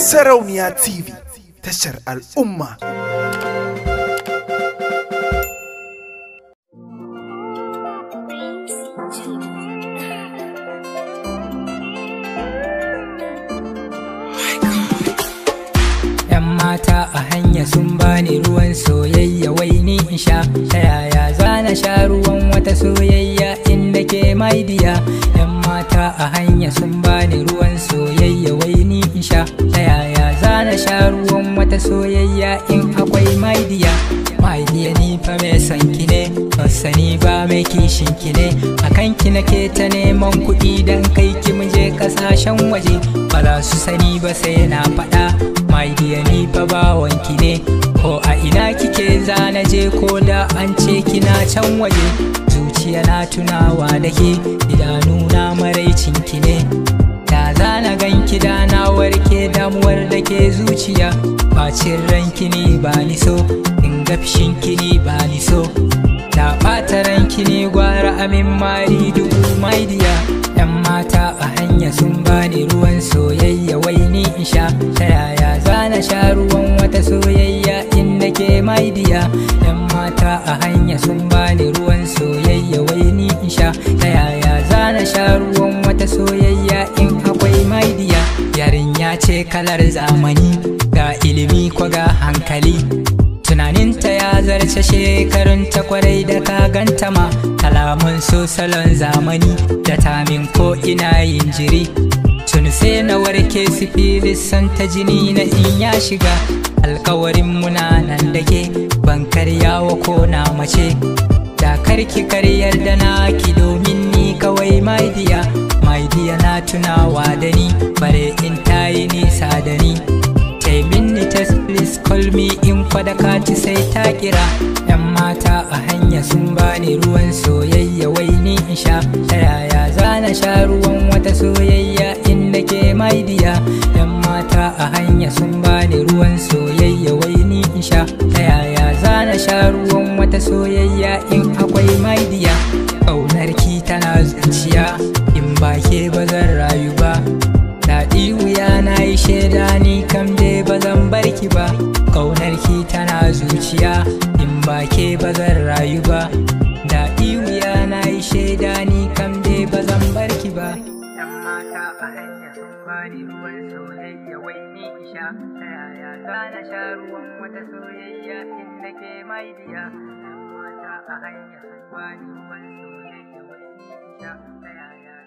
Sarauniya TV tashar al'umma. ‘Yan mata a hanya sun bani ruwan soyayya wai ni in sha, ta yaya za na sha ruwan wata soyayya inda ke maidiya ‘yan mata a hanya sun bani ruwan in akwai mai maidiya ni fa mai san ki ne ban sani ba mai kishin ki ne kan ki nake ta neman kuɗi dan kai ki mu je kasashen waje ba za su sani ba sai na faɗa diya ni fa bawon ki ne ko a ina kike na je ko da an ce kina can waje zuciya na tunawa da ke idanuna maraicin ki ne da zana gida na warke damuwar da ke zuciya bacin ranki ne ba ni so in gafshin kini ba ni so na ɓata ranki ne gwara amin mari dubu Mai diya yan mata a hanya sun bani ruwan soyayya wai ni in sha ta yaya za na sha ruwan wata soyayya in nake mai diya. yan mata a hanya sun bani Yace ce kalar zamani ga ilimi ko ga hankali Tunaninta ya zarce shekarun ta kwarai da kaganta ma Kalamun su salon zamani da tamin ko ina yin jiri Tun sai na warke sifilis santa ta jini na in ya shiga Alkawarin muna nan dake ban karyawa ko na mace Da ki karyar da naki domin ni kawai maidiya tunawa da ni bare in ta yi nisa da ni tai minni test please call me in kwadaka ci sai ta kira yan mata a hanya sun bani ruwan soyayya wai ni in sha ta yaya zana sha ruwan wata soyayya in nake diya yan mata a hanya sun bani ruwan soyayya wai ni in sha ta yaya zana sha ruwan wata soyayya in akwai mai diya maidiya ki tana zuciya ba ke ba zan rayu ba daɗi wuya na yi shaida ni kam dai ba zan barki ba ƙaunar ki tana zuciya in ba ke ba zan rayu ba daɗi wuya na yi shaida ni kam dai ba zan barki ba yan mata a hanya sun bani ruwan soyayya wai ni isha ta yaya ta na sha ruwan wata soyayya in nake mai biya yan mata a hanya sun bani ruwan soyayya wai ni isha ta